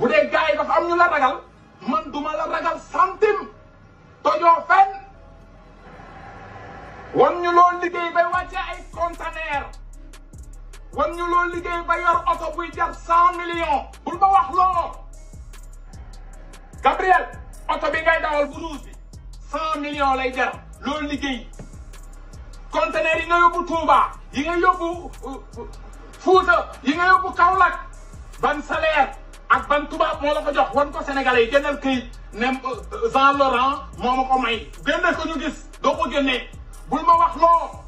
bu dee gars yi dafa am ñu la ragal man duma la ragal centime tojoo fenn wan ñu loolu liggéey bay wàcce ay conteneur wan ñu loolu liggéey ba yor oto buy jar cent millions wax loolu Gabriel oto bi ngay dawal bu ruus bi lay jar loolu liggéey conteneur yi nga yóbbu Touba yi nga yóbbu uh, uh, Fuuta yi nga yóbbu Kaolack ban salaire ak ban tubaab moo la fa jox wan ko sénégalais yi génneel këyit ne euh, euh, Jean Laurent moo ma ko may génne ko ñu gis doo ko génnee bul ma wax loo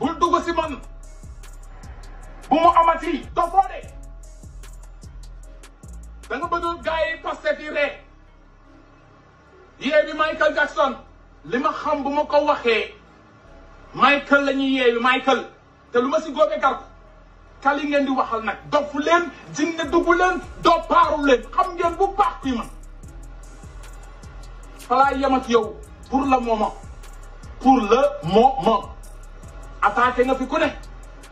bul dugg si man bu mu amati doo foo de da nga bëgg gars yi Pastef Michael Jackson li ma xam bu ma ko waxee Michael la ñuy yee Michael te lu ma si góobee gar kali di waxal nag dofu leen jinne dugg leen doppaaru xam ngeen bu baax bi ma falaa yem ak yow pour le moment pour le moment attaqué nga fi ku ne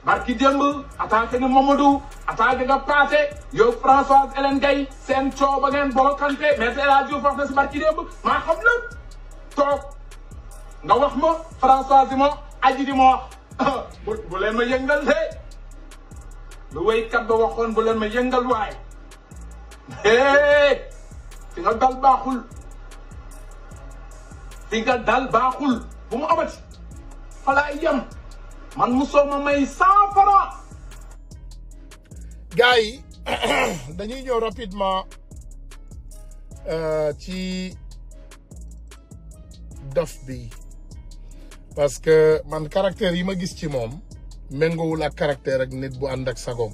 barki démb attaqué nga Mamadou attaqué nga Paate yow Françoise Hélène seen coow ngeen bokkante maître El Hadji Diouf na si barki démb maa xam la toog nga wax ma Françoise ma aji di ma wax ma yëngal de lu waykat ba waxoon bu leen ma yëngal waay hee di nga baaxul di nga baaxul bu mu amati falaa yem man mosoo ma may cent yi dañuy ñëw rapidement euh, ci dof bi parce que man caractère yi ma gis ci moom Mengo la caractère ak nit bu andak sagom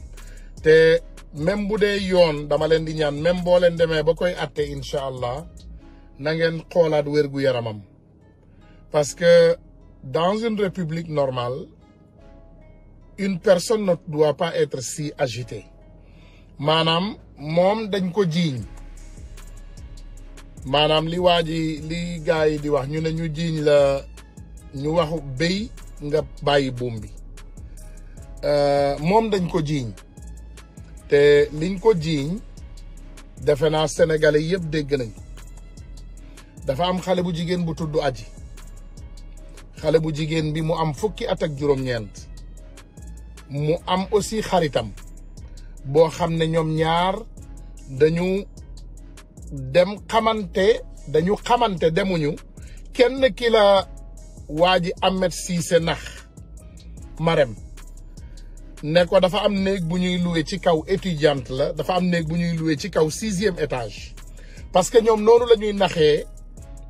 té te même bu yon yoon dama leen di ñaan même bo leen démé ba koy atté inshallah na ngeen wérgu yaramam parce que dans une république normale une personne ne doit pas être si agitée Manam mom dañ ko jiiñ manam li waji ji li gaay di wax ñu ne ñu la ñu waxu bey nga bàyyi Euh, moom dañ ko jiiñ te liñ ko jiiñ defe naa sénégalais yëpp dégg nañ dafa am xale bu jigéen bu tudd aji xale bu jigéen bi mu am fukki at ak juróom-ñeent mu am aussi xaritam boo xam ne ñoom ñaar dañu dem xamante dañu xamante demuñu kenn ki la waa ji Ahmed Cissé nax Marème ne ko dafa am néeg bu ñuy loué ci kaw étudiante la dafa am néeg bu ñuy loué ci kaw sixième étage parce que ñoom noonu la ñuy naxee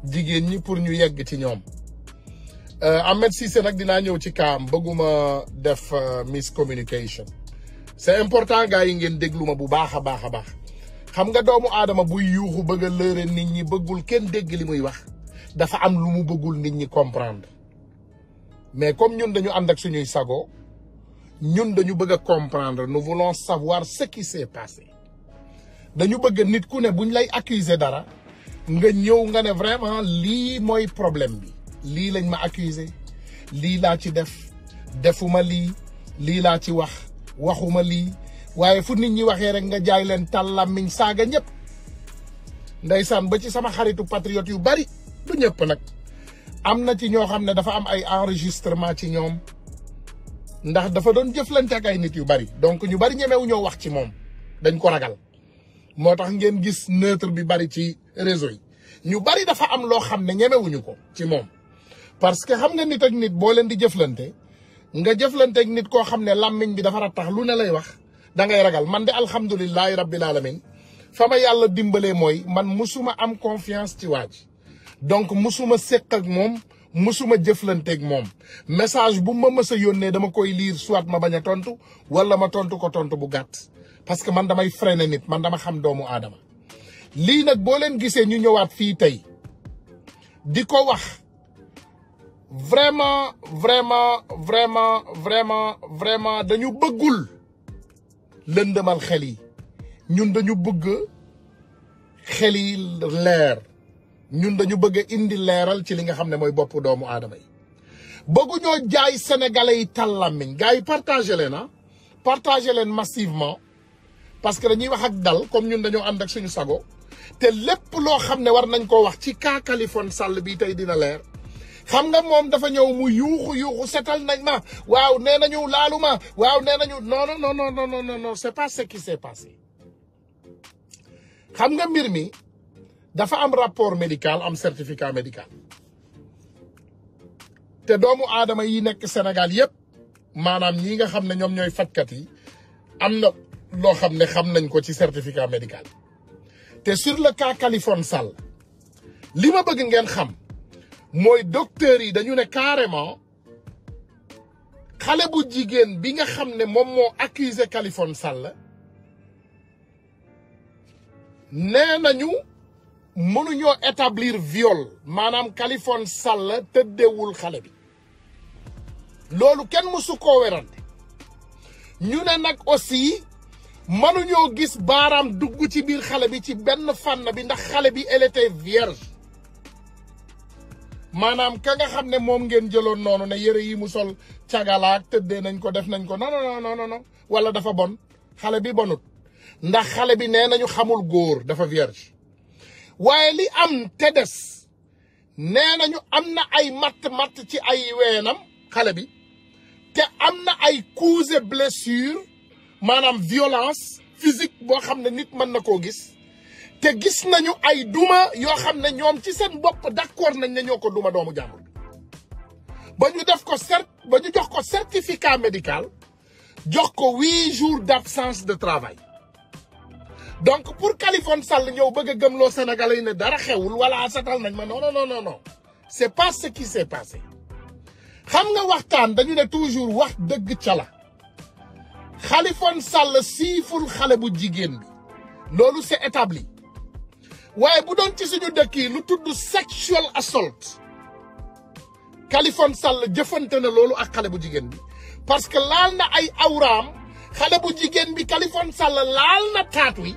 jigéen ñi pour ñu yegg ci ñoom euh, Ahmed Cissé nag dinaa ñëw ci kaam bëgguma def euh, miscommunication c'est important gars yi ngeen déglu ma bu baax a baax a baax xam nga doomu aadama buy yuuxu bëgg a lëre nit ñi bëggul kenn dégg li muy wax dafa am lu mu bëggul nit ñi comprendre mais comme ñun dañu ànd ak suñuy sago ñun dañu bëgg comprendre nous voulons savoir ce qui s'est passé dañu bëgg nit ku ne buñ lay accuser dara nga ñëw nga vraiment li le problème bi li lañ ma accuser ci def defuma li li la ci wax waxuma li waye fu nit ñi waxé rek nga jaay leen ba ci sama xaritu patriote yu bari du ñep nak amna ci ño dafa am ndax dafa doon jëflante ak ay nit yu bari donc ñu bari ñemewu ñoo wax ci moom dañ ko ragal moo tax ngeen gis neutre bi bari ci réseau yi ñu bari dafa am loo xam ne ñemewuñu ko ci moom parce que xam nga nit ak nit boo leen di jëflante nga jëflante ak nit koo xam ne làmmiñ bi dafa rattax lu ne lay wax dangay ragal man de alhamdulilahi rabbil alamin fa ma yàlla dimbalee mooy man musuma am confiance ci waaj donc musuma séq ak moom mësuma jëflanteeg moom message bu ma mës a yónnee dama koy lire soit ma bañ a tontu wala ma tontu ko tontu bu gàtt parce que man damay freiner nit man dama xam doomu adama lii nag boo leen gisee ñu ñëwaat fii tey di ko wax vraiment vraiment vraiment vraiment vraiment dañu bëggul lëndëmal xel yi ñun dañu bëgg xel yi leer ñun dañu bëgg indi leeral ci li nga xam ne mooy bopp doomu aadama yi bëgguñoo jaay sénégalais yi tàllammiñ gars yi partagé leen ah partagé leen massivement parce que dañuy wax ak dal comme ñun dañoo ànd ak sago te lépp loo xam ne war nañ koo wax ci cas Khaliphone Sall bii tey dina leer xam nga moom dafa ñëw mu yuuxu yuuxu setal nag ma waaw nee nañu laalu ma waaw nee nañu non non non non non non c'est pas ce qui s'est passé xam nga mbir mi dafa am rapport médical am certificat médical te doomu aadama yi nekk Sénégal yépp maanaam ñi nga xam ne ñoom ñooy fajkat yi am na loo xam ne xam nañ ko ci certificat médical te sur le cas Kaliphone Sall li ma bëgg ngeen xam mooy docteur yi dañu ne carrément xale bu jigéen bi nga xam ne moom moo accusé Kaliphone Sall nee nañu mënu ñoo établir viol maanaam Kaliphone Sall tëddeewul xale bi lolu kenn musu ko werante ñu ne nak aussi mënu ñoo gis baram dugg ci bir xale bi ci benn fànn bi ndax xale bi elle était vierge manam ka nga xamné mom ngeen jëlon nonu ne yére yi mu sol cagalaak tëddee nañ ko def nañ ko non non non non wala dafa bon xale bi bonut ndax xale bi né nañu xamul góor dafa vierge. waaye am Tedas, des amna ay mat ci ay violence physique bo xamné ne nit man nako gis te gis nañu ay duma yo xamné ne ci ko doomu def ko cert certificat médical jox jours d'absence de travail donc pour Khaliphone Sall ñëw bëgg a gëmloo Sénégalais yi ne dara xewul wala satal nañ ma non noonoo non non c'est pas ce qui s'est passé xam nga waxtaan dañu ne toujours wax dëgg ca la Khaliphone Sall siiful xale bu jigéen bi loolu c'est établi waaye bu doon ci suñu dëkk yi lu tudd sexual assault Khaliphone Sall jëfante na loolu ak xale bu jigéen bi parce que laal na ay awraam xale bu jigéen bi Khaliphone Sall laal na taat wi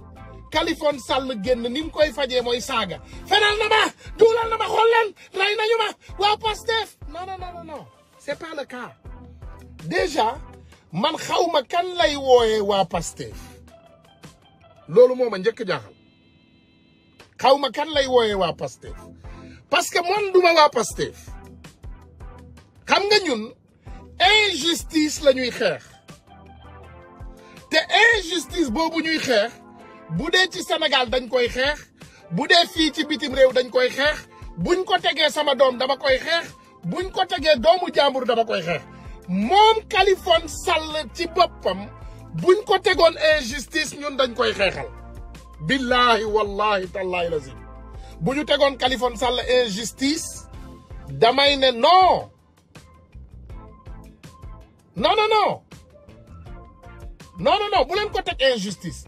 Kalifon Sall génn nim koy fajee moy saga fenal na ma duulal na ma xool leen rey nañu ma Pastef non non non non c'est pas le cas déjà man xawma kan lay woyé wa Pastef loolu moma ñëk jaaxal xawma kan lay woyé Pastef parce que man duma wa Pastef xam nga ñun injustice la nuit té injustice bobu ñuy xeex bu dee ci senegal dañ koy xeex bu dee fii ci bitim réew dañ koy xeex buñ ko tegee sama doom dama koy xeex buñ ko tegee doomu jàmbur dama koy xeex moom Khaliphone Sall ci boppam buñ ko tegoon injustice ñun dañ koy xeexal billahi wallahi tallahi lazim bu ñu tegoon Khaliphone Sall injustice damay ne noo non non non non non bu leen ko teg injustice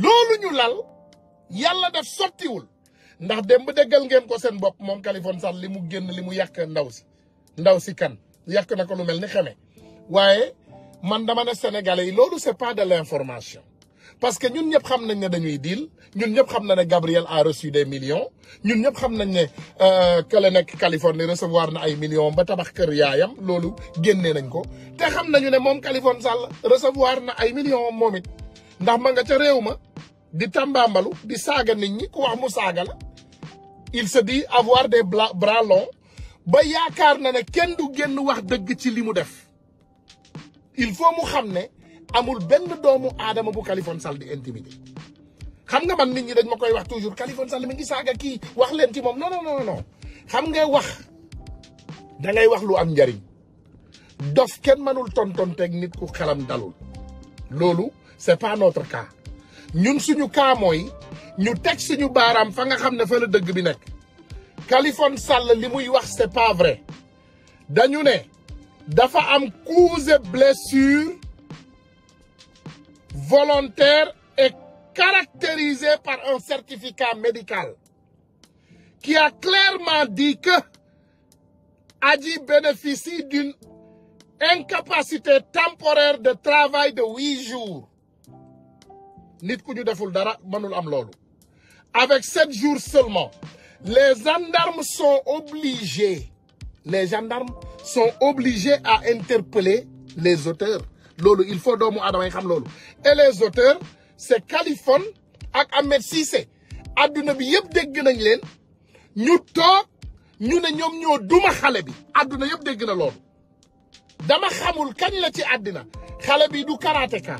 loolu ñu lal daf def wul ndax dem ba deggal ngeen ko seen bop mom Kaliphone sal limu genn limu yak ndaw si ndaw si kan yak na ko lu melni xamé waye man dama né sénégalais yi c'est pas de l'information parce que ñun ñep xam nañ né dañuy deal ñun ñep xam na né Gabriel a reçu des millions ñun ñep xam nañ euh, que le nek Californie recevoir na ay millions ba tabax keur yaayam genné nañ ko te xam nañu né mom Californie sal recevoir na ay millions momit ndax ma nga ca réew ma di tambambalu di saga nit ñi ku wax mu saga la il se dit avoir des bras longs ba yaakar na ne kenn du genn wax deug ci limu def il faut mu xamne amul benn doomu adama bu Khaliphone sal di intimité xam nga man nit ñi dañ ma koy wax toujours Khaliphone sal mi ngi saga ki wax leen ci mom non non non non xam nga wax da ngay wax lu am njariñ dof ken manul tontonteeg nit ku xalam dalul lolou n'est pas notre cas Nous suñu cas Nous, ñu teg suñu nous fa fa la dëgg bi nekk c'est pas vrai ne dafa am blessures et caractérisées par un certificat médical qui a clairement dit que Adji bénéficie d'une incapacité temporaire de travail de 8 jours nit ku ñu deful dara mënul am loolu avec sept jours seulement les gendarmes sont obligés les gendarmes sont obligés à interpeller les auteurs loolu il faut doomu aadama xam loolu et les auteurs c'est Kaliphone ak Ahmed Cissé aduna bi yëpp dégg nañ leen ñu toog ñu ne ñoom ñoo duma xale bi aduna yëpp dégg na loolu dama xamul kañ la ci àddina xale bi du karatéka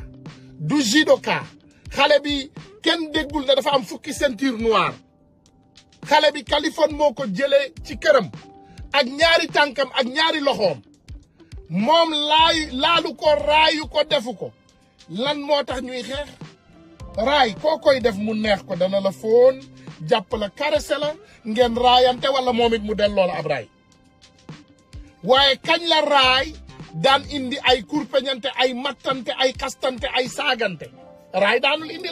du judoka xalé bi kenn déggul da dafa am fukki ceinture noire xalé bi Kaliphone moko ko ci kërëm ak ñaari tankam ak ñaari loxoom moom laay laalu ko rayu ko defu ko lan motax ñuy xex ray ko koy def mu neex ko dana la fon japp la caressé la ngeen rayante wala momit mu del la ab ray waye kañ la ray dan indi ay courpeñante ay matante ay kastante ay sagante Ride daanul indi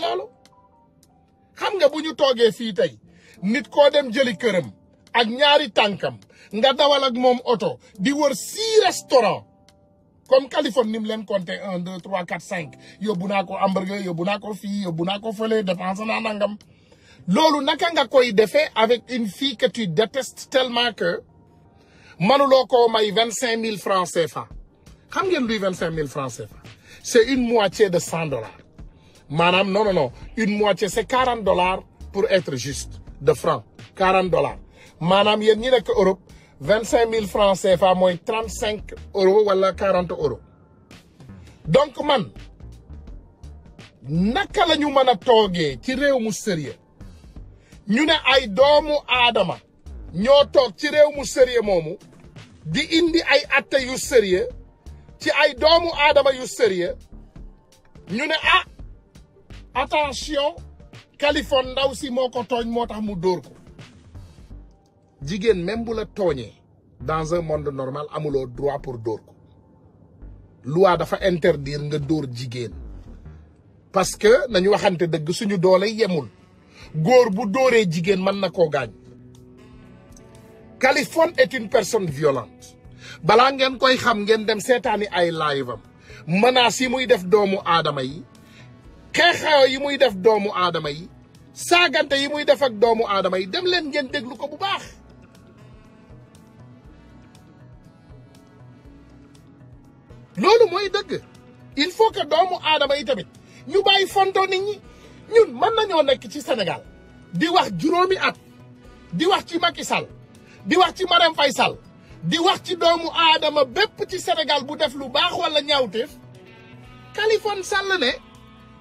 xam nga buñu tay nit ko dem ak ñaari nga dawal ak mom auto, di comme Californie un deux trois quatre cinq ko hamburger ko ko nangam naka nga koy défé avec une fille que tu détestes tellement que may francs CFA xam francs CFA c'est une moitié de 100 dollars maanaam non non non une moitié c' est quarante pour être juste de franc quarante dollars maanaam yéen ñi nekk Europe vingt cinq mille franc CFA mooy trente cinq euros wala quarante euros donc man naka la ñu mën a toogee ci réew mu sérieux ñu ne ay doomu aadama ñoo toog ci réew mu sérieux moomu di indi ay atte yu sérieux ci ay doomu aadama yu sérieux ñu ne ah attention Californie ndaw aussi, moo ko tooñ moo tax mu ko même bu la tooñee dans un monde normal amuloo droit pour dóor ko loi dafa interdire nga dor jigéen parce que nañu waxante dëgg suñu doole yemul góor bu dóoree jigéen man na koo est une personne violente balaa ngeen koy dem setani ay live am menaces yi def d'omo aadama xeexoo yi muy def doomu aadama yi saagante yi muy def ak doomu aadama yi dem leen ngeen déglu ko bu baax loolu mooy dëgg il faut que doomu aadama yi tamit ñu bàyyi fonto nit ñi ñun mën nañoo nekk ci senegal di wax juróomi at di wax ci Macky Sall di wax ci Marème Faye Sall di wax ci doomu aadama bépp ci senegal bu def lu baax wala ñaawteef Kalifone Sall ne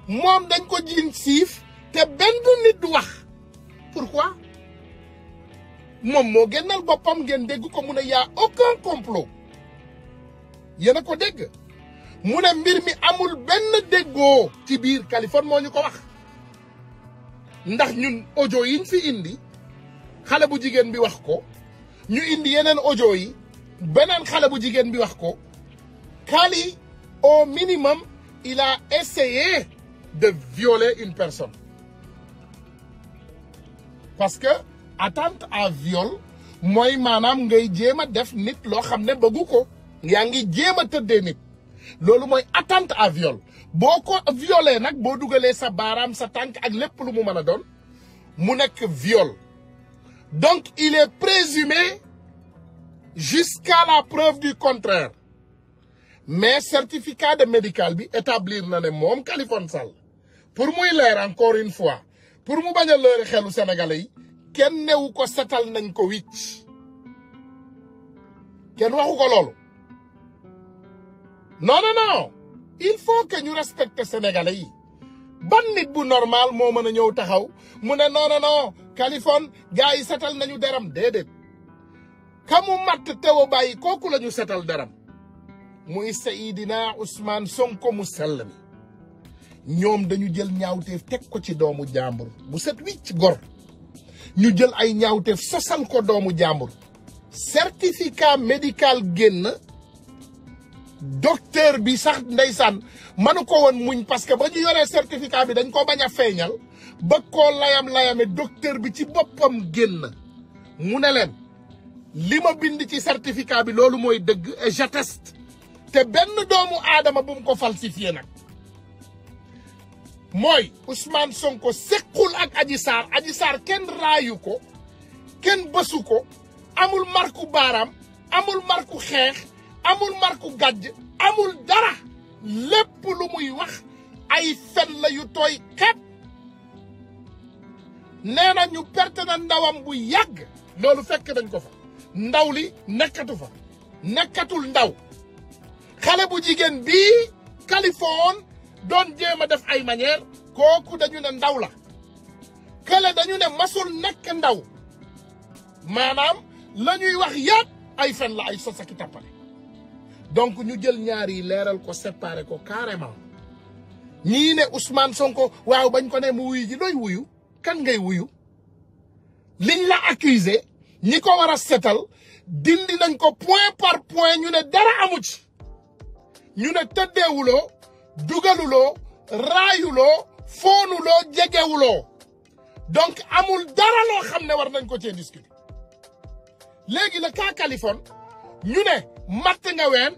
mom dañ ko jiin sif te benn nit du wax pourquoi mom mo génnal bopam ngeen dégg ko mu y'a aucun complot yéen a ko dégg mu ne mbir mi amul benn déggoo ci bir Californie moñu ko wax ndax ñun audio yiñ fi indi xalé bu jigen bi wax ko ñu indi yeneen audio yi benen xalé bu jigen bi wax ko Kali au minimum il a essayé de violer une personne. parce que attente à viol moi manam ngay djema def nit lo xamné ne bëggu ngi djema teudé nit Lolu moy attente à viol Boko violer nak bo dougalé sa baram sa tank ak lepp lu mu meuna don, mu nek viol donc il est présumé jusqu'à la preuve du contraire mais certificat de médical bi établir na né mom Kaliphone Sall pour muy leer encore une fois pour mu baña leer xelu sénégalais yi kenn newu ko setal nañ ko wicc kenn waxu ko lolu non non non il faut que ñu respecter sénégalais ban nit bu normal mo meuna ñew taxaw mu ne non non non gaay yi setal nañu deram dedet kamu mat tewo bàyyi kooku la setal deram muy Seydina usman Sonko mu ñoom dañu jël ñaawteef teg ko ci doomu jàmbur bu set wicc gor ñu jël ay ñaawteef sosal ko doomu jàmbur certificat médical génn docteur bi sax ndeysaan mënu ko woon muñ parce que ba ñu yoree certificat bi dañ ko bañ a feeñal ba koo layam-layame docteur bi ci boppam génn mu ne leen li ma bind ci certificat bi loolu mooy dëgg et te benn doomu aadama bu mu ko falsifié nag mooy Ousmane Sonko sequl ak Adji Sarr Adji Sarr kenn raayu ko kenn bësu ko amul marku baaraam amul marku xeex amul marku gàjj amul dara lépp lu muy wax ay fen la yu tooy xepp nee ñu perte na ndawam bu yàgg loolu fekk dañ ko fa ndaw li nekkatu fa nekkatul ndaw xale bu jigéen bii Californie doon jéem a def ay manière kooku dañu ne ndaw la kële dañu ne masul nekk ndaw maanaam la ñuy wax yëpp ay fen la ay sos ak i tappale donc ñu jël ñaari leeral ko séparé ko carrément ñii ne Ousmane Sonko waaw bañ ko ne mu wuyu ji looy wuyu kan ngay wuyu liñ la accusé ñi ko war a setal dindi nañ ko point par point ñu ne dara amu ci ñu ne tëddeewuloo dugalulo Rayulo, Fonulo, djegewulo donc amul dara lo war nañ ko cee discuter légui le cas Kaliphone ñu né mat nga wène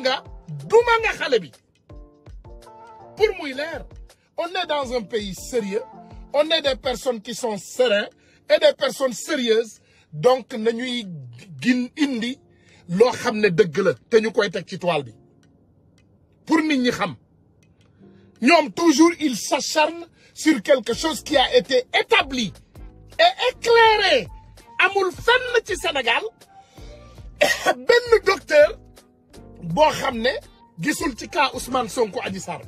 nga duma nga bi pour moi l'air on est dans un pays sérieux on est des personnes qui sont sereins et des personnes sérieuses donc nañuy guin indi lo xam ne la té ñukoy ci toile pour nit ñi xam toujours ils s'acharnent sur quelque chose qui a été établi et éclairé amul fenn ci Sénégal benn docteur bo xamné gisul ci cas Ousmane Sonko Adissar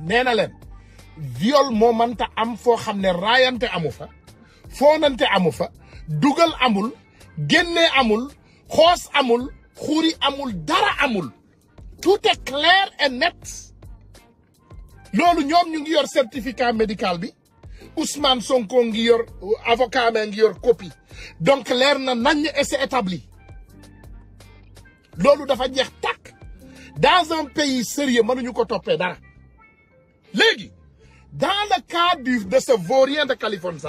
néna len viol mo manta am fo xamné rayanté amufa amu fa foonante dugal amul génne amul xoss amul xuri amul dara amul tout est clair et net Lorsque nous ñu ngi certificat médical Ousmane Sonko ngi yor avocat a ngi copie donc l'air na pas établi L'olou dafa jeex tac. dans un pays sérieux nous ko topé. dara dans le cas de ce vaurien de Californie,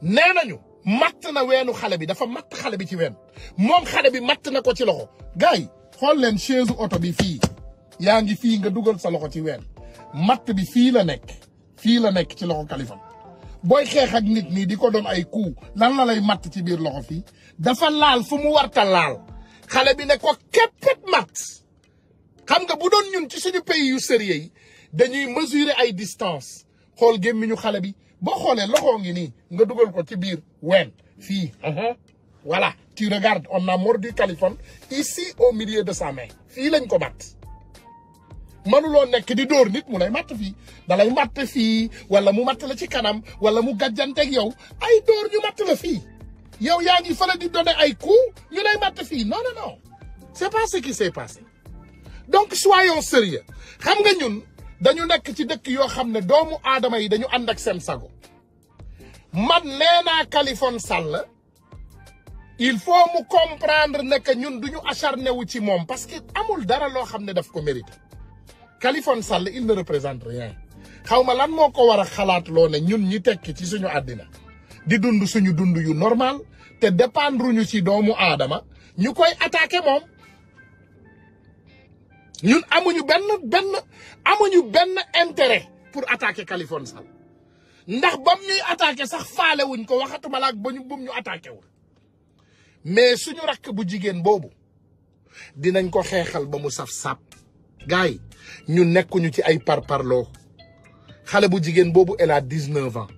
nous avons matt na weenu xale bi dafa matt xale bi ci ween moom xale bi matt na ko ci loxo gars yi xool leen chaise oto bi fii yaa ngi fii nga dugal sa loxo ci ween matt bi fii la nekk fii la nekk ci loxo Kaliphone booy xeex ak nit nii di ko doon ay coup lan la lay matt ci biir loxo fii dafa laal fu mu warta laal xale bi ne ko képpét matt xam nga bu doon ñun ci suñu pays yu sérieux yi dañuy mesurer ay distance xool gémmiñu xale bi boo xolé loxo ngi nga duggal ko ci uh-huh. voilà tu regardes on a mordu Kaliphone ici au milieu de sa main fi lañ ko batt nek di dor nit mu lay dalay mat fi wala mu matt la ci kanam wala mu ak yow ay dor ñu la fi yow di donner ay coup ñu lay non non non c'est pas ce qui s'est passé donc soyons sérieux dañu nekk ci dëkk yoo xam ne doomu aadama yi dañu ànd ak seen sago man nee naa Kalifone Sall il faut mu comprendre ne ñun duñu acharné wu ci moom parce que amul dara loo xam ne daf ko mérité Kalifone Sall il ne représente rien xaw ma lan moo ko war a xalaat loo ne ñun ñi tekki ci suñu àddina di dund suñu dund yu normal te dépendre ñu ci doomu aadama ñu koy attaqué moom ñun amuñu benn ben amuñu benn intérêt pour attaquer Khaliphone sal ndax bam ñuy attaquer sax faale wuñ ko waxatuma laak ba ñu bum ñu attaqué wul mais suñu rak bu jigen bobu dinañ ko xéxal ba mu saf sap gars ñu nekkuñu ci ay parparloo xalé bu jigen bobu elle a 19 ans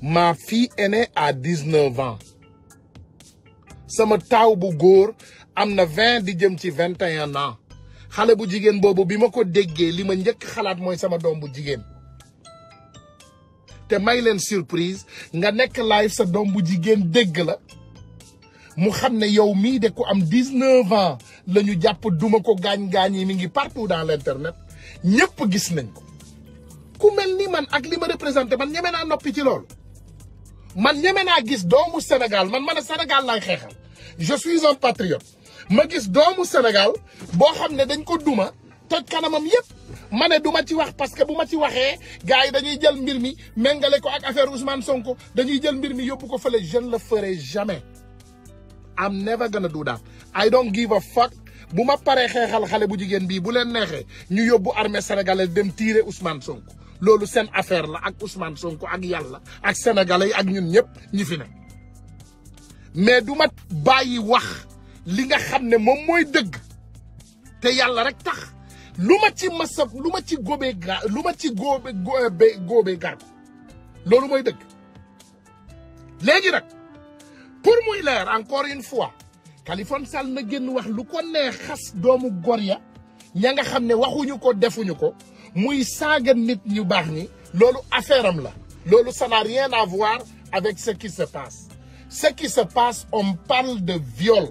ma fille aînée a 19 ans sama taw bu goor amna 20 di jëm ci 21 ans. xale bu jigéen boobu bi ma ko déggee li ma njëkk xalaat mooy sama doom bu jigéen te may leen surprise nga nekk live sa doom bu jigéen dégg la mu xam ne yow mii de ku am 19 ans la ñu jàpp duma ko gaañ-gaañ yi mi ngi partout dans l'internet ñëpp gis nañ ko ku mel ni man ak li ma représenté man ñeme naa noppi ci loolu man ñeme naa gis doomu Sénégal man man a Sénégal laay xeexal je suis un patriote ma gis doomu Sénégal boo xam ne dañ ko duma toj kanamam yépp ma ne du ma ci wax parce que bu ma ci waxee gars yi dañuy jël mbir mi mengale ko ak affaire Ousmane Sonko dañuy jël mbir mi yóbbu ko fële jeune ne le ferai jamais am never gonna do that I don't give a fuck bu ma paree xeexal xale bu jigéen bii bu leen neexee ñu yóbbu armée sénégalaise dem tirer Ousmane Sonko loolu seen affaire la ak Ousmane Sonko ak yàlla ak sénégalais yi ak ñun ñëpp ñi fi ne mais du ma bàyyi wax. li nga que mom moy deug te rek tax luma ci luma ci que ci gar pour moi leer encore une fois califon sal na génn wax lu ko neex doomu gor nga waxuñu ko defuñu ko muy affaire la ça n'a rien à voir avec ce qui se passe ce qui se passe on parle de viol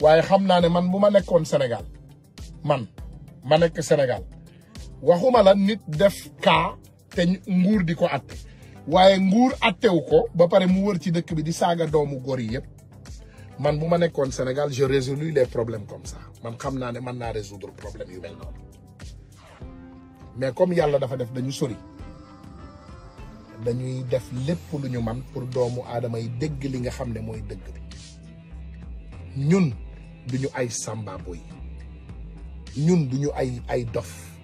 waye xam ne man buma nekkone senegal Sénégal man ma nekk Sénégal waxuma la nit def ka te nguur diko ko waye waaye nguur attewu ko ba pare mu wër ci dëkk bi di saga doomu góor yi man buma nekkone senegal je résous les problèmes comme ça man xam naa ne mën naa résoudre problème yu mel non mais comme yalla dafa def dañu sori dañuy def lépp lu ñu man pour doomu aadama yi dégg li nga xam ne mooy dëgg bi ñun duñu ay sàmbaabo yi ñun duñu ay ay dof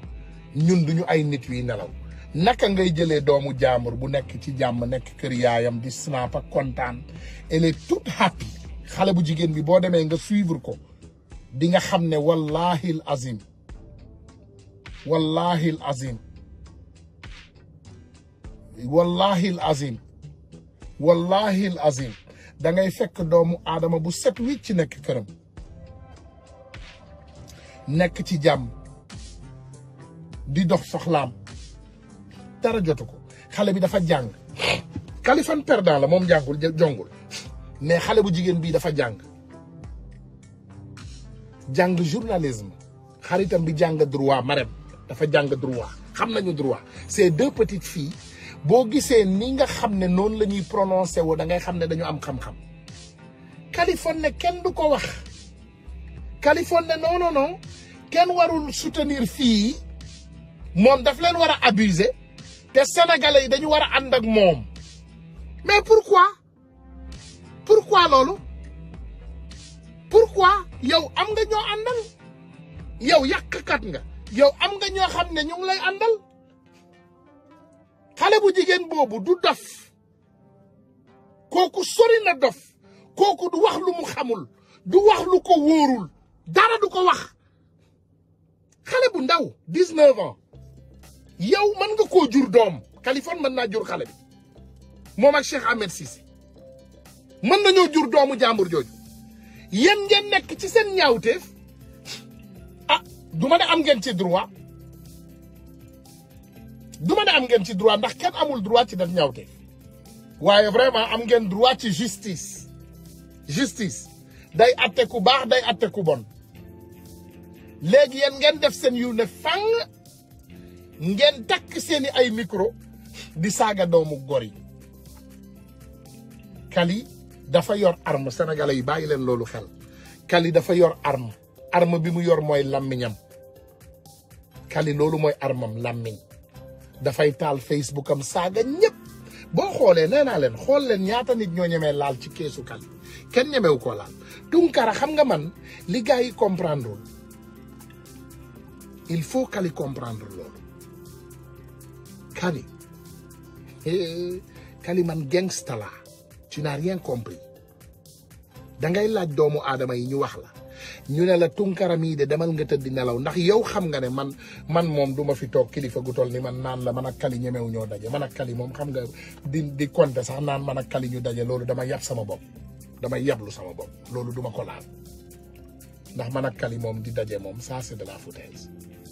ñun duñu ay nit yuy nelaw naka ngay jëlee doomu jaamur bu nekk ci jàmm nekk kër yaayam di snap ak kontaan elle est toute xale bu jigéen bi boo demee nga suivre ko di nga xam ne wallahil azim wallahil azim wallahil azim wallahil azim da ngay fekk doomu aadama bu set wi ci nekk këram nek ci jam di dox soxlam dara jotuko ko xale bi dafa jang Kaliphone perdant la mom jangul jongul mais xale bu jigen bi dafa jang jang journalisme xaritam bi jang droit marem dafa jang droit xamnañu droit ces deux petites filles bo gisee ni nga xamné non lañuy prononcer wo da ngay xamné dañu am xam-xam Kaliphone ne kenn du ko wax Kaliphone ne non non non ken warul soutenir fi, mom daf len wara abuser te sénégalais yi dañu wara and ak mom mais pourquoi pourquoi lolu pourquoi yow am nga ño andal yow kat nga yow am nga ño xam ñu lay andal, xalé bu jigen bobu du dof koku sori na dof koku du wax lu mu xamul du wax lu ko worul dara du ko wax xalé bu ndaw 19 ans yow man nga ko jur dom Kaliphone man na jur xalé bi mom ak Cheikh Ahmed Cissé man nañu jur doomu jàmbur jooju yéen ngeen nek ci sen ñaawteef ah du ma ne am ngeen ci droit du ma ne am ngeen ci droit ndax kenn amul droit ci def ñaawteef waye vraiment am ngeen droit ci justice justice day atte ku bax day atte ku bon léegi yéen ngeen def seen yiw ne fang ngeen takk seeni ay micro di saaga doomu góor yi Kali dafa yor arm sénégalais yi bàyyi leen loolu xel Kali dafa yor arm arme bi mu yor mooy làmmiñam Kali loolu mooy armam làmmiñ dafay taal Facebook am saaga ñëpp boo xoolee nee naa leen xool leen ñaata nit ñoo ñemee laal ci keesu Kali kenn ñemewu ko laal Tunkara xam nga man li gars il faut qu'elle comprendre loolu kali kali eh, man gangsta la tu n'as rien compris Dangaila domo doomu aadama yi ñu wax la ñu ne la tunkara mii de demal nga tëdd nelaw ndax yow xam nga ne man man mom du ma fi toog kilifa gu ni man nan la man ak kali ñemew ñoo daje man ak kali moom xam nga di di konte sax nan man ak kali ñu dama yab sama bob, dama yablu sama bopp loolu duma ko laal ndax man ak kali di daje mom ça c'est de la foutaise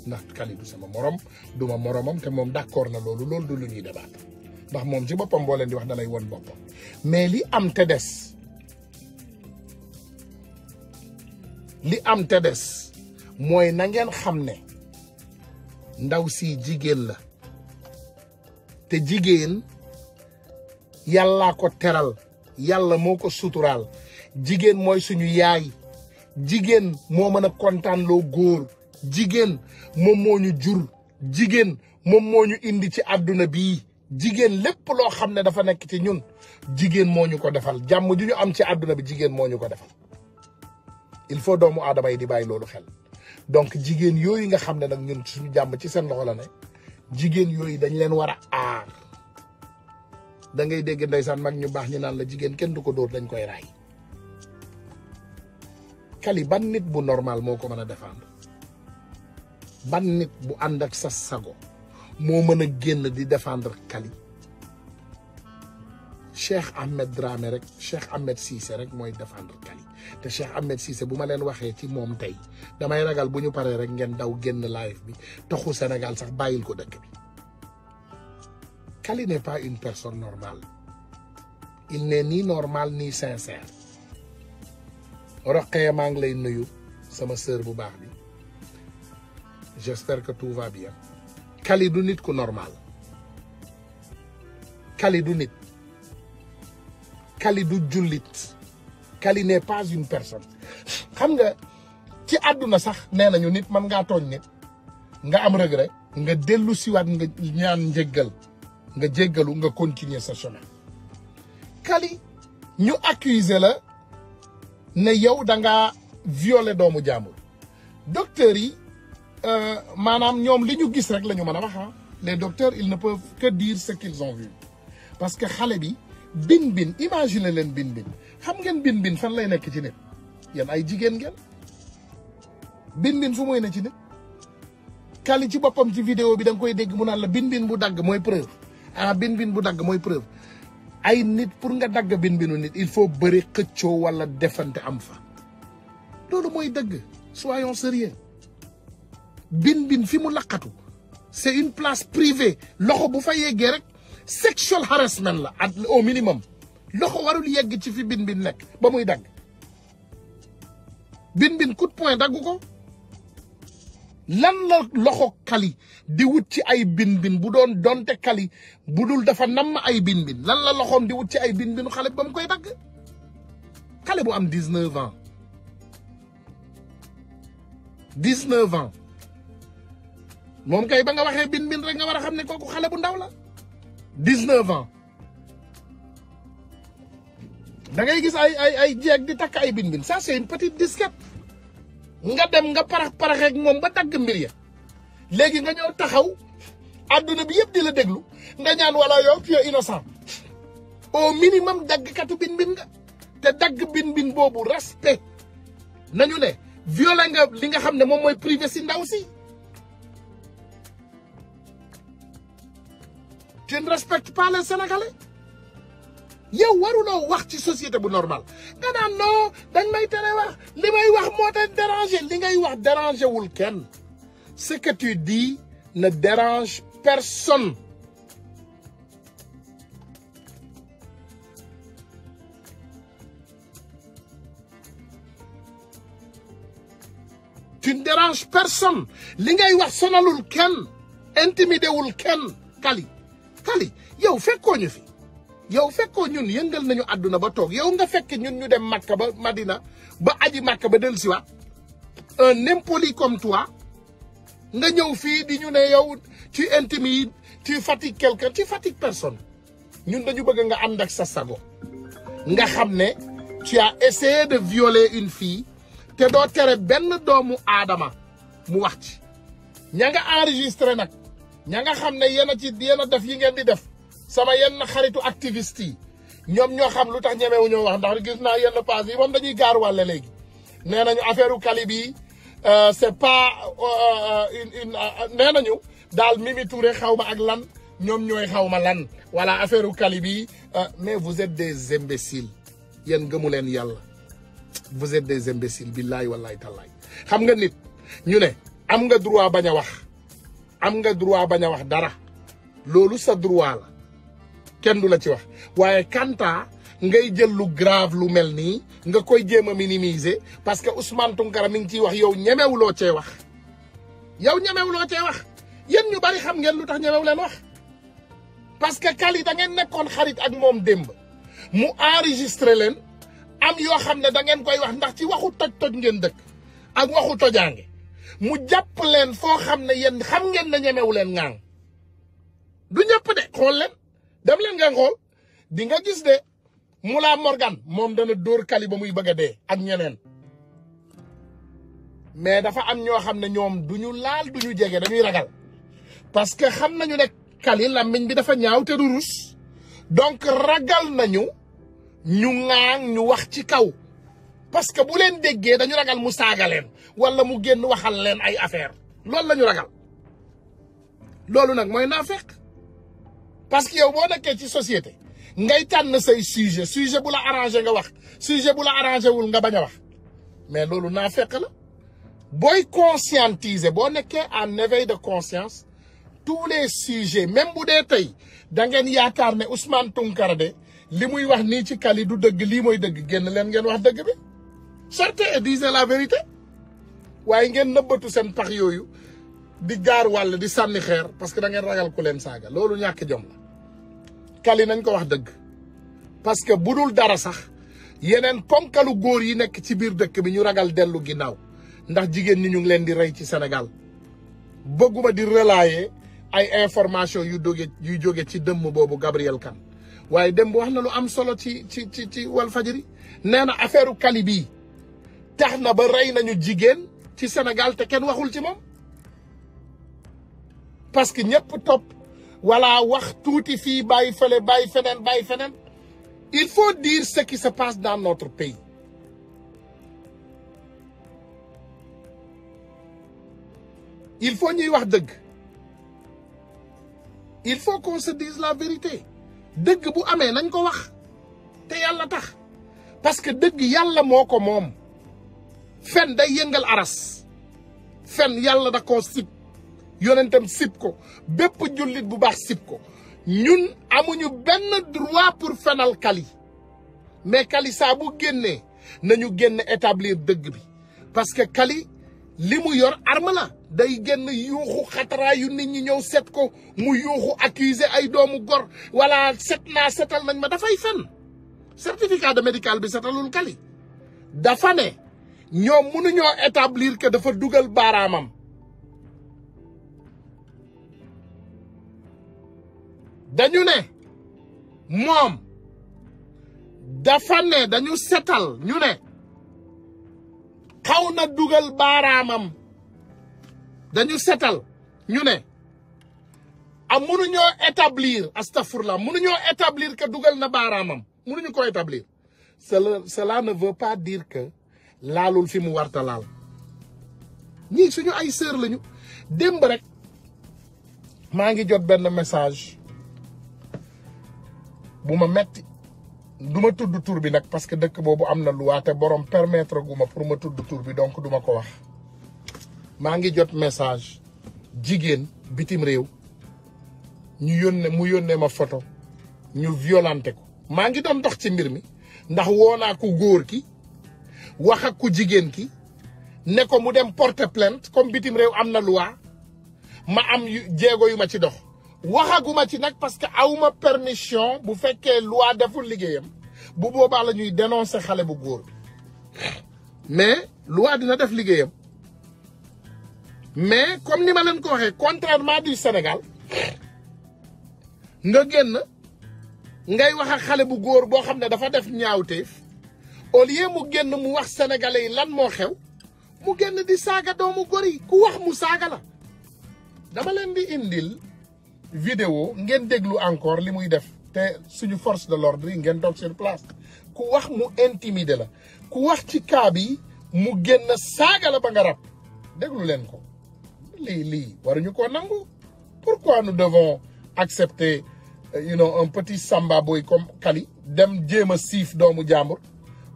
ndax Khalidou sama morom duma moromam te mom d'accord na loolu loolu du lu ñuy débat ndax mom ci bopam bo leen di wax dalay won boppam mais li am te dess li am te dess moy na ngeen xamne ndaw si jigen la te jigen, yalla ko teral yalla moko ko jigen moy suñu yaay jigen mo meuna contane lo loo jigéen moom moo ñu jur jigéen moom moo ñu indi ci àdduna bi jigéen lépp loo xam ne dafa nekk ci ñun jigéen moo ñu ko defal jàmm ju ñu am ci àdduna bi jigéen moo ñu ko defal il faut doomu aadama yi di bàyyi loolu xel donc jigéen yooyu nga xam ne nag ñun suñu jàmm ci seen loxo la ne jigéen yooyu dañ leen war a aar dangay ngay dégg ndeysaan mag ñu baax ñu naan la jigéen kenn du ko dóor dañ koy raay kali ban nit bu normal moo ko mën a défendre ban nit bu ànd ak sa sago mo meuna génn di défendre Kali Cheikh Ahmed Dramé rek Cheikh Ahmed Cissé rek moy défendre Kali te Cheikh Ahmed Cissé buma len waxé ci mom tay damay ragal buñu paré rek ngeen daw génn live bi taxu Sénégal sax bayil ko dëkk bi Kali n'est pas une personne normale il n'est ni normal ni sincère roqee ma ngi lay nuyu sama sœur bu baax bi J'espère que tout va bien. ko normal. Kali n'est pas une personne. xam nga ci personne. sax nit man dit nit nga am regret nga dit nga ñaan nga nga Kali ne yow da violer doomu docteur Euh, maanaam ñoom li ñu gis rek la ñu a wax ah les docteurs ils ne peuvent que dire ce qu'ils ont vu parce que xale bi bin bin imagine leen bin bin xam ngeen bin bin fan lay nekk ci nit yéen ay jigéen ngeen bin bin fu muy ne ci nit kali ci boppam ci video bi dang koy dégg mu naan la bin bin bu dagg mooy preuve ah bin bin bu dagg mooy preuve ay nit pour nga dagg bin binu nit il faut bëri xëccoo wala defante am fa loolu mooy dëgg soyons sérieux bin bin fi mu laqatu c'est une place privée loxo bu fa yegge rek sexual harassment la at au minimum loxo warul yegg ci fi bin bin nek ba muy dag bin bin coup de poing daggu ko lan loxo kali di wut ci ay bin bin bu don donte kali budul dafa nam ay bin bin lan la loxom di wut ci ay bin binu xale bam koy dag xale bu am 19 ans 19 ans Mom kay ba nga waxe bin bin rek nga wara xamne koku ne xale bu ndaw la 19 ans da ngay gis ay ay ay jeeg di tak ay bin bin ça c'est une petite disquette nga dem nga parax paraxeeg mom ba dagg mbir ya legui nga ñëw taxaw aduna bi yeb di la deglu nga ñaan wala yo tu es innocent au minimum katu bin bin nga te dag bin bin bobu respect nañu ne violanga nga li nga xamne mom moy privé ci ndaw si ne respectes pas les Sénégalais yow waruloo wax ci société bu normal nga naan non dañ may téré wax li may wax moo tax déranger li ngay wax déranger wul ken ce que tu dis ne dérange personne tu ne déranges personne li ngay wax sonalul ken intimider wul ken Kali tali yow fekkoo fi yow fekkoo ñun yëngal nañu aduna ba tok yow nga fekk ñun ñu dem Makka ba Madina ba aji Makka ba dellusiwaat un impoli comme toi nga ñew fi di ñu ne yow tu intimide tu fatigues quelqu'un tu fatigues personne ñun dañu bëgg nga sa sago nga tu as essayé de violer une fille té do téré ben doomu adama mu wax ci nga enregistré ña nga xam ne yéen a ci yéen a def yi ngeen di def sama yenn xaritu activiste yi ñoom ñoo xam lu tax ñemewu ñoo wax ndax gis naa yenn pass yi moom dañuy gaar wàlle léegi nee nañu affaire u kali bi euh, c'est pas euh, euh, une nee nañu daal Mimi Touré xaw ma ak lan ñoom ñoo xaw ma lan voilà affaire u kali bi mais vous êtes des imbéciles yéen gëmu leen yàlla vous êtes des imbéciles billaay wallaay tallaay xam nga nit ñu ne am nga droit bañ a wax am nga droit darah, wax dara loolu sa droit la kenn dula ci wax waye kanta ngay jël lu grave lu melni nga koy jema minimiser parce que Ousmane Tonkara mi ngi ci wax yow lo ci wax yow lo ci wax yeen ñu bari xam ngeen lutax leen wax parce que Kali da ngeen nekkon xarit ak mom demb mu enregistrer leen am yo xamne da ngeen koy wax ndax ci waxu toj-toj ngeen dekk ak waxu mu japp len fo xamne yeen xam ngeen na ñemewu len ngang du ñepp de xol len dem len ngang xol di nga gis de mula Morgan mom dana Dor kali ba muy bëgg de ak ñeneen mais dafa am ño xamne ñom duñu laal duñu jégué dañuy ragal parce que xam nañu nek kali làmmiñ bi dafa ñaaw te du rus donc ragal nañu ñu ngang ñu wax ci kaw parce que bu len déggé dañu ragal mu wala mu génn waxal leen ay affaire loolu la ñu ragal loolu nag mooy naa parce que yow boo nekkee ci société ngay tànn say sujet sujet bu la arrangé nga wax sujet bu la arrangé wul nga bañ a wax mais loolu naa la booy conscientiser boo nekkee en éveil de conscience tous les sujets même bu dee tey da ngeen yaakaar ne Ousmane Tounkara de li muy wax nii ci kali du dëgg lii mooy dëgg génn leen ngeen wax dëgg bi certains disent la vérité waaye ngeen nëbbatu seen pax yooyu di gaar wàll di sànni xeer parce que da ngeen ragal ku leen saaga loolu ñàkk jom la kali nañ ko wax dëgg parce que bu dul dara sax yeneen ponkalu góor yi nekk ci biir dëkk bi ñu ragal dellu ginnaaw ndax jigéen ñi ñu ngi leen di rey ci senegal bëgguma di relayer ay information yu doge yuy jóge ci dëmm boobu Gabriel kan waaye dem wax na lu am solo ci ci ci ci Walfadjri nee na affaire u kali bii tax na ba rey nañu jigéen ci Sénégal te kenn waxul ci mom parce que ñepp top. wala wax touti fi bàyyi fële bàyyi feneen bàyyi feneen il faut dire ce qui se passe dans notre pays il faut ñuy wax deug il faut qu'on se dise la vérité deug bu amé nañ ko wax te yalla tax parce que deug yalla moko mom fen day yëngal aras fen yàlla da koo sib yonentam sib ko bépp jullit bu baax sib ko ñun amuñu benn droit pour fenal kali mais kali saa bu génnee nañu génn établir dëgg bi parce que kali li mu yor arme la day génn yuuxu xataraa yu nit ñi ñëw set ko mu yuuxu accusé ay doomu gor wala set naa setal nañ ma dafay fen certificat de médical bi setalul kali dafa ne ñoom mënuñoo établir que dafa dugal baaraamam dañu ne moom dafa dañu setal ñu ne xaw na dugal baaraamam dañu setal ñu ne am mënuñoo établir astafurla mënuñoo établir que dugal na baaraamam mënuñu ko établir cela cela ne veut pas dire que laalul fi mu warta laal ñii suñu ay sœur lañu démb rek maa ngi jot benn message bu ma metti du ma tudd tur bi nag parce que dëkk boobu am na loi te borom permettre gu pour ma tudd tur bi donc duma ko wax maa ngi jot message jigéen bitim réew ñu yónnee mu yónnee ma photo ñu violenté ko maa ngi doon dox ci mbir mi ndax woonaa ko góor ki wax ak ku jigéen ki ne ko mu dem porte plainte comme bitim réew am na loi ma am jéego yu ma ci dox waxaguma ci nag parce que awma permission bu fekkee loi deful liggéeyam bu boobaa la ñuy dénoncer xale bu góor bi mais loi dina def liggéeyam mais comme ni ma leen ko waxee contrairement du senegal nga génn ngay waxak xale bu góor boo xam ne dafa def ñaawteef au lieu mu génn mu wax sénégalais yi lan mo xew mu génn di saga doomu góor ku wax mu saga la dama len di indil vidéo ngeen déglu encore li muy def té suñu force de l'ordre ngeen sur place ku wax mu intimider la ku wax ci cas bi mu génn saga la ba nga rap déglu len ko li li waruñu ko nangu pourquoi nous devons accepter euh, you know un petit samba boy comme Kali dem jéem sif doomu jambour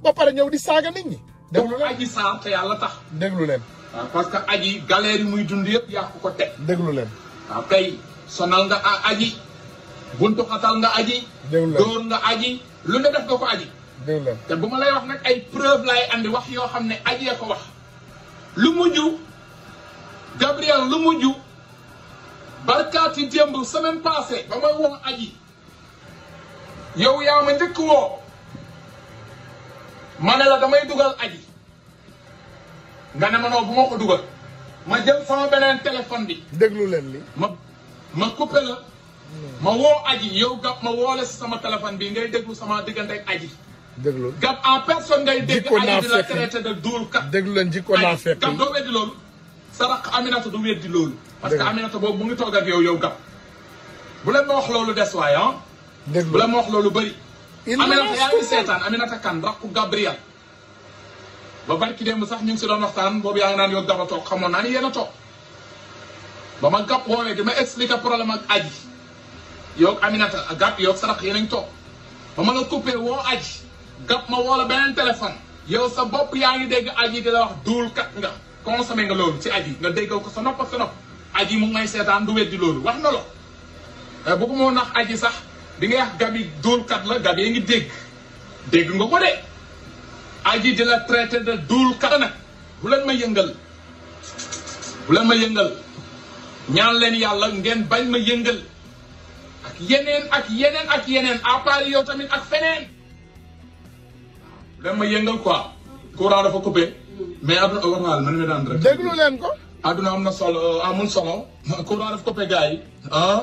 ba pare ñew di saga nit ñi. dem lu aji saar te yàlla tax. déglu leen. Ah, parce que aji galère muy dund yëpp ya ko teg. déglu leen. waaw ah, kay sonal nga aji buntu xatal nga aji. door nga aji lu ne def ko aji. déglu leen te bu lay wax nak ay preuve lay andi wax yo xam ne aji ko wax lu muju Gabriel lu barka ti dembu semaine passée ba may aji yow yaa ma njëkk ma ne la damay dugal aji nga ne ma noo bu ma ko dugal ma jël sama beneen téléphone bi. déglu leen li ma ma coupé la. ma woo aji yow gab ma woo la sama téléphone bi ngay déglu sama diggante ak aji. déglu gab en personne ngay dégg. aji di la traité de dóorkat. déglu leen jikko naa fekk gab doo weddi loolu. sa rakk Aminata du weddi loolu. parce que Aminata boobu mu ngi toog ak yow yow gab. bu leen ma wax loolu des waaye ah. déglu bu leen ma wax loolu bëri. inna yaa ngi seetaan Aminata Kane rakku Gabriel ba barki démb sax ñu ngi si doon waxtaan boobu yaa ngi naan yow dama toog xamoon naa ni yéen ya, a ba ma gàpp woowee di ma expliquer problème ak aji yow Aminata gàpp yow sarax yéen a ngi toog ba ma la coupé woo aji gap ma wala la beneen téléphone yow sa bopp yaa ngi dégg aji di la wax duul kat nga consommé nga loolu ci aji nga déggal ko sa nopp sa nopp aji mu ngi may seetaan du weddi loolu wax na lo te bëgguma nax aji sax. bi nga wax Gabi dóolkat la Gabi ngi dégg dégg nga ko de aji di la traité de dóolkat nag bu leen ma yëngal bu leen ma yëngal ñaan leen yàlla ngeen bañ ma yëngal ak yeneen ak yeneen ak yeneen à part yow tamit ak feneen bu leen ma yëngal quoi courant dafa coupé mais aduna oh, war naa man mi daan rek déglu leen ko aduna am na solo amul solo courant dafa coupé gars yi ah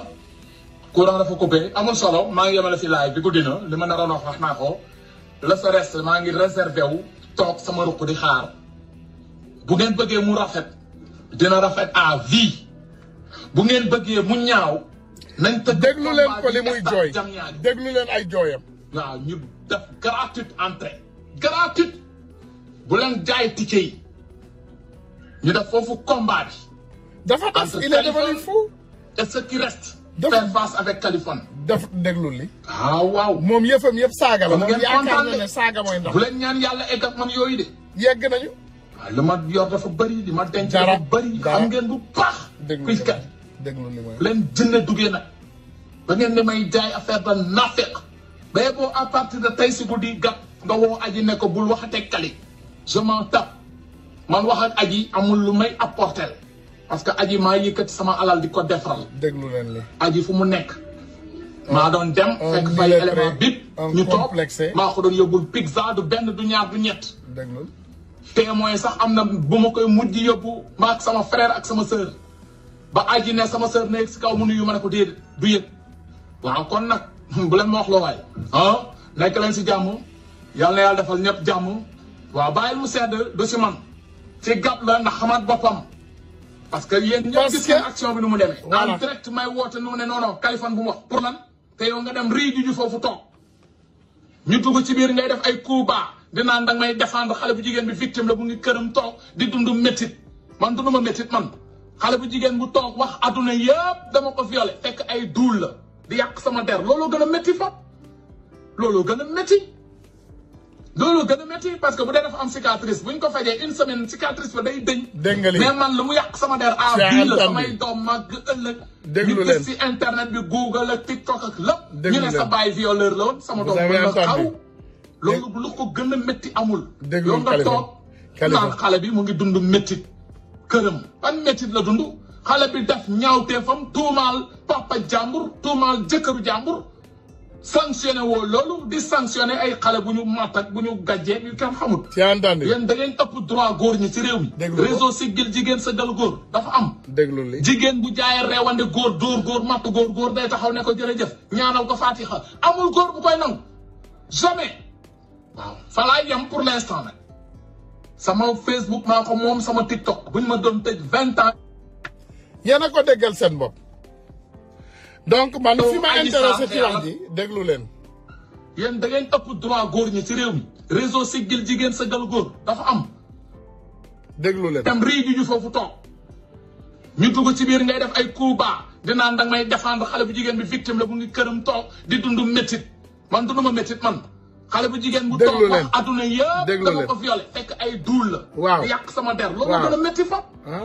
courant dafa coupé amul solo maa ngi yemale fi live bi guddi na li ma naroon wax wax naa ko la sa reste maa ngi réservé wu toog sama ruq di xaar bu ngeen bëggee mu rafet dina rafet a vie bu ngeen bëggee mu ñaaw. nañ te déglu leen ko li muy jooy déglu leen ay jooyam. waaw ñu def gratuite entrée gratuite bu leen jaay ticket yi ñu def foofu combat bi. dafa tas il est devenu fou et ce qui reste. faire face avec Kaliphone. def déglu li. ah waaw moom yëfam yëpp saaga la. moom yaakaar na ne saaga mooy ndox. bu leen ñaan yàlla egg ak man yooyu de. yegg nañu. waaw ah, li ma yor dafa bëri li ma denc. dara dafa bëri xam ngeen bu baax. déglu li li mooy. leen jënd duggee nag. ba ngeen di may jaay affaire ba naafeq. mais boo à partir de tey si guddi gàtt nga woo aji ne ko bul waxatee Kali. je m'en tape man wax ak aji amul lu may apporter parce que aji ma yëkëti sama alal di ko defaral. déglu leen li aji fu mu nekk. Oh. ma don dem fekk fay élément bip. ñu top ma ko don yobul pizza du ben du ñaar du ñet déglu témoin sax amna na bu ma koy mujj yobbu ma ak sama frère ak sama sœur. ba aji ne sama sœur ne ci kaw mu nuyu ma ko dédé du yëk wa kon nak bu len wax lo way han ah, nek lañ si jamm yalla na yàlla defal ñep jamm wa bayil mu sedd du ci man ci gap la na xamat bopam parce que yéen ñëpp gis ngeen action bi nu mu demee. en direct may woote nu ne non non bu mu wax pour lan. te yow nga dem réew ju foofu toog ñu dugg ci biir ngay def ay coups bas naan danga may défendre xale bu jigéen bi victime la bu ngi këram toog di dund métit man dundu ma métit man. xale bu jigéen bu toog wax adduna yëpp dama ko violé fekk ay duul la di yàq sama der looloo gën a métti fop looloo gën a métti. loolu gën a métti parce que bu dee dafa am cicatrice bu ñu ko fajee une semaine cicatrice ba day dëñ. dégg nga mais man lu mu yàq sama der à ah, vie la samay doom màgg ëllëg. déglu leen si internet bi google ak tiktok ak lépp. ñu ne sa baay violeur la woon sama doom mën na xaw. loolu lu ko gën a métti amul. déglu nga toog naan xale bi mu ngi dund métti këram. ban métti la dund xale bi def ñaawteefam tuumaal papa jàmbur tuumaal jëkkëru jàmbur. sanctionné woo loolu di sanctionné ay xale bu ñu mat ak bu ñu gàjjee yu kenn xamut. ci àndaan yéen da ngeen ëpp droit góor ñi ci réew mi. réseau siggil jigéen sa dal góor dafa am. déglu li jigéen bu jaayee reewande góor dóor góor matt góor góor day taxaw ne ko jërëjëf ñaanal ko fatiha amul góor bu koy nangu jamais waaw fa laay yem pour l' instant nag sama Facebook maa ko moom sama bu ñu ma doon tëj vingt ans. yen a ko déggal seen bop donc man fi ma intéressé ci wax di déglu len yéen da ngay top droit gor ni ci rew mi réseau sigil jigen sa gal gor dafa am déglu len tam réew ñu fofu tok ñu dugg ci bir ngay def ay coup di nan dang may défendre xalé bu jigen bi victime la bu ngi kërëm tok di dundu métit man dunduma métit man xalé bu jigen bu tok wax aduna yëpp dama ko violé tek ay doul la waaw sama der lolu gëna a métti fa ah.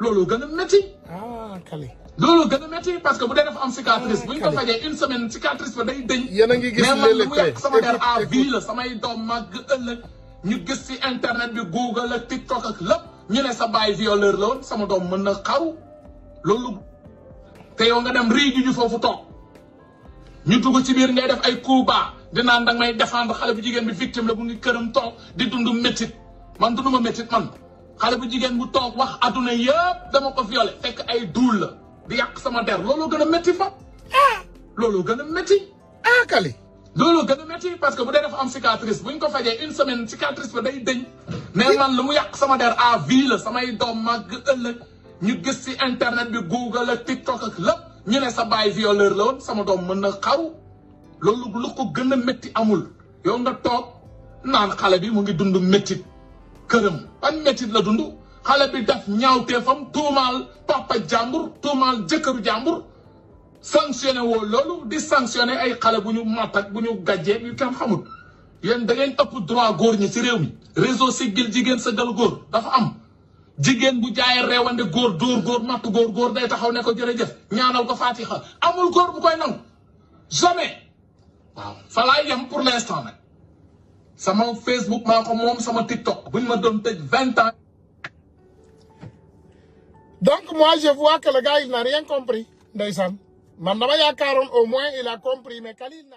loolu gën a métti ah kali loolu gën a métti parce que bu dee dafa am cicatrice ah, bu ñu ko fajee une semaine cicatrice ba day dëñ. yéen a gis léeg-léeg sama der à vie la samay doom màgg ëllëg ñu gis ci internet bi Google ak TikTok ak lépp ñu ne sa baay violeur la sama doom mën na xaru loolu. te yow nga dem réy gi ñu foofu toog ñu dugg ci biir ngay def ay coups bas di naan danga may défendre xale bu jigéen bi victime la bu ngi këram toog di dund métit man dunduma métit man xale bu jigéen bu toog wax adduna yëpp dama ko violé fekk ay duul la. di yàq sama der looloo gën a métti fa. Ah. looloo gën a métti. ah Kali. gën a métti parce que bu dee def am cicatrice bu ñu ko fajee une semaine cicatrice ba day dëñ. mais man lu mu yàq sama der à vie la samay doom màgg ëllëg ñu gis ci internet bi Google ak TikTok ak lépp ñu ne sa baay violeur la woon sama doom mën na xaru loolu lu ko gën a métti amul yow nga toog naan xale bi mu ngi dund métti këram ban métti la dund. xale bi daf ñaawteefam tuumaal papa jàmbur tuumaal jëkkëru jàmbur sanctionné woo loolu di sanctionné ay xale bu ñu mattak bu ñu gàjjee yu kenn xamul yéen da ngeen ëpp droit góor ñi ci réew mi réseau siggil jigéen sa gal góor dafa am jigéen bu jaayee reewande góor dóor góor matt góor góor day taxaw ne ko jërëjëf ñaanal ko fatiha amul góor bu koy nangu jamais waaw fa laay yem pour l'instant nag sama Facebook maa ko moom sama TikTok buñ ma doon te vingt ans Donc moi, je vois que le gars, il n'a rien compris. Ndeysaan Mandaba Yakaron, au moins il a compris mais Khalil